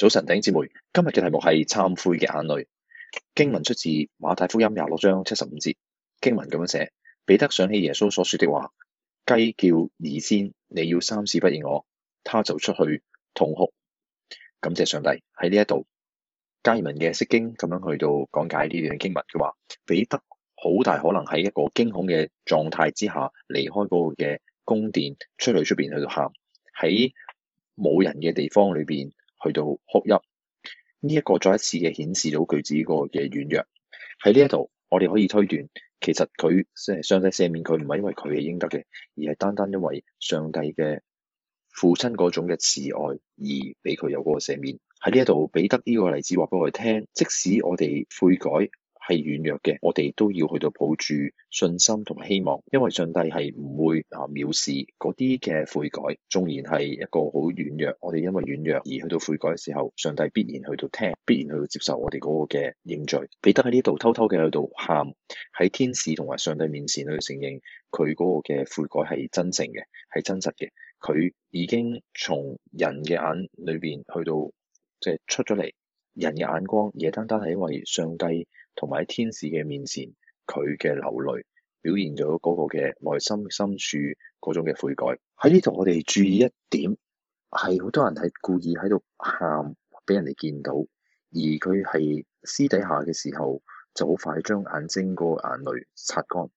早晨，弟兄姊妹，今日嘅題目係懺悔嘅眼淚。經文出自馬太福音廿六章七十五節，經文咁樣寫：彼得想起耶穌所說的話，雞叫以先，你要三次不認我，他就出去痛哭。感謝上帝喺呢一度，加爾文嘅釋經咁樣去到講解呢段經文嘅話，彼得好大可能喺一個驚恐嘅狀態之下離開嗰個嘅宮殿，出嚟出邊去到喊，喺冇人嘅地方裏邊。去到哭泣，呢一個再一次嘅顯示到佢自己個嘅軟弱。喺呢一度，我哋可以推斷，其實佢即係上帝赦免佢，唔係因為佢係應得嘅，而係單單因為上帝嘅父親嗰種嘅慈愛而，而俾佢有嗰個赦免。喺呢一度，彼得呢個例子話俾我哋聽，即使我哋悔改。係軟弱嘅，我哋都要去到抱住信心同埋希望，因為上帝係唔會啊藐視嗰啲嘅悔改。縱然係一個好軟弱，我哋因為軟弱而去到悔改嘅時候，上帝必然去到聽，必然去到接受我哋嗰個嘅認罪。彼得喺呢度偷偷嘅去到喊，喺天使同埋上帝面前，去承認佢嗰個嘅悔改係真誠嘅，係真實嘅。佢已經從人嘅眼裏邊去到即係、就是、出咗嚟人嘅眼光，也單單係因為上帝。同埋喺天使嘅面前，佢嘅流淚表現咗嗰個嘅內心深處嗰種嘅悔改。喺呢度，我哋注意一點，係好多人係故意喺度喊，俾人哋見到，而佢係私底下嘅時候，就好快將眼睛個眼淚擦乾。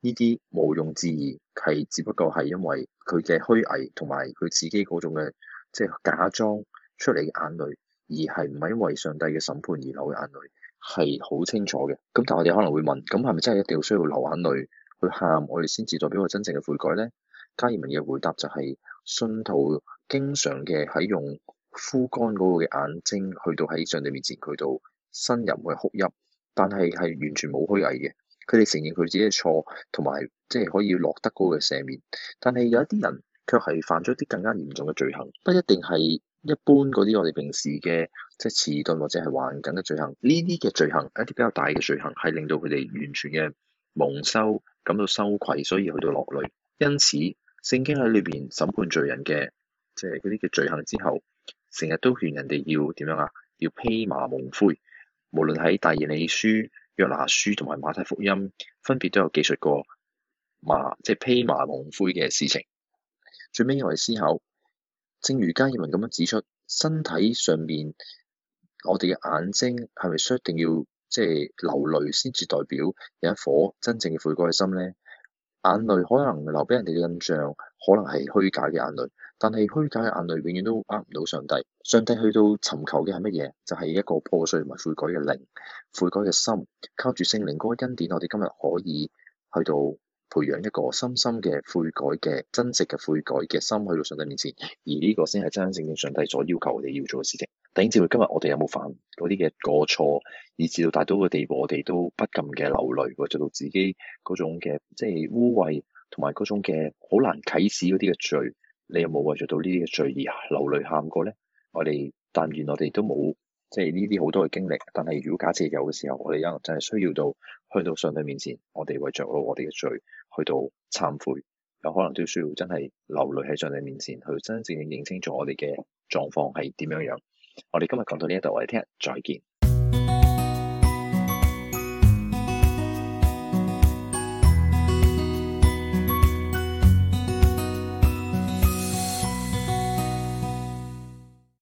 呢啲毋庸置疑，係只不過係因為佢嘅虛偽，同埋佢自己嗰種嘅即係假裝出嚟嘅眼淚，而係唔係因為上帝嘅審判而流嘅眼淚。係好清楚嘅，咁但係我哋可能會問，咁係咪真係一定要需要流眼淚去喊，我哋先至代表我真正嘅悔改咧？加爾文嘅回答就係、是、信徒經常嘅喺用枯乾嗰個嘅眼睛去到喺上帝面前佢度呻吟，去哭泣，但係係完全冇虛偽嘅，佢哋承認佢自己嘅錯，同埋即係可以落得嗰個赦免。但係有卻一啲人卻係犯咗啲更加嚴重嘅罪行，不一定係。一般嗰啲我哋平時嘅即係遲鈍或者係頑梗嘅罪行，呢啲嘅罪行一啲比較大嘅罪行，係令到佢哋完全嘅蒙羞，感到羞愧，所以去到落淚。因此，聖經喺裏邊審判罪人嘅即係嗰啲嘅罪行之後，成日都勸人哋要點樣啊？要披麻蒙灰。無論喺但以理書、約拿書同埋馬太福音，分別都有記述過麻即係披麻蒙灰嘅事情。最尾我哋思考。正如嘉爾文咁樣指出，身體上面我哋嘅眼睛係咪一定要即係、就是、流淚先至代表有一顆真正嘅悔改嘅心咧？眼淚可能留俾人哋嘅印象，可能係虛假嘅眼淚，但係虛假嘅眼淚永遠都呃唔到上帝。上帝去到尋求嘅係乜嘢？就係、是、一個破碎同埋悔改嘅靈、悔改嘅心，靠住聖靈嗰個恩典，我哋今日可以去到。培養一個深深嘅悔改嘅真實嘅悔改嘅心去到上帝面前，而呢個先係真真正正上帝所要求我哋要做嘅事情。弟兄姊妹，今日我哋有冇犯嗰啲嘅過錯，以至到大到嘅地步，我哋都不禁嘅流淚，或者到自己嗰種嘅即係污穢，同埋嗰種嘅好難啟齒嗰啲嘅罪，你有冇為咗到呢啲嘅罪而流淚喊過咧？我哋但願我哋都冇。即係呢啲好多嘅經歷，但係如果假設有嘅時候，我哋有可能真係需要到去到上帝面前，我哋為着到我哋嘅罪去到懺悔，有可能都需要真係流淚喺上帝面前，去真正認清楚我哋嘅狀況係點樣樣。我哋今日講到呢一度，我哋聽日再見。